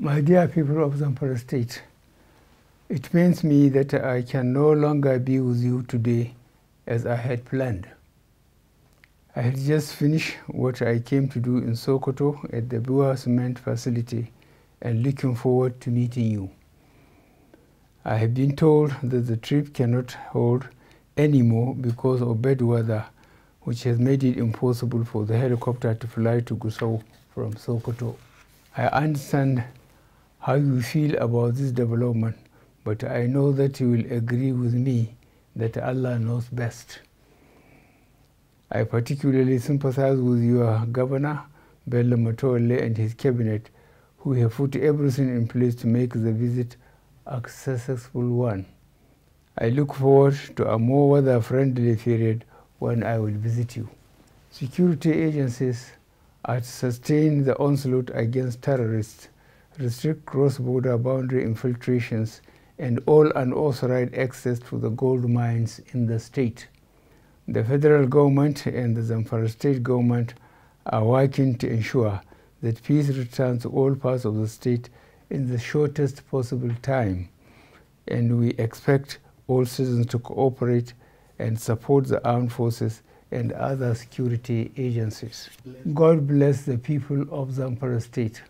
My dear people of Zamfara State, it pains me that I can no longer be with you today as I had planned. I had just finished what I came to do in Sokoto at the Buwa Cement facility and looking forward to meeting you. I have been told that the trip cannot hold anymore because of bad weather, which has made it impossible for the helicopter to fly to Gusau from Sokoto. I understand how you feel about this development, but I know that you will agree with me that Allah knows best. I particularly sympathize with your governor, Bello Matole, and his cabinet, who have put everything in place to make the visit a successful one. I look forward to a more weather-friendly period when I will visit you. Security agencies are to sustain the onslaught against terrorists restrict cross-border boundary infiltrations and all unauthorized access to the gold mines in the state. The federal government and the Zamfara state government are working to ensure that peace returns to all parts of the state in the shortest possible time, and we expect all citizens to cooperate and support the armed forces and other security agencies. God bless the people of Zamfara state.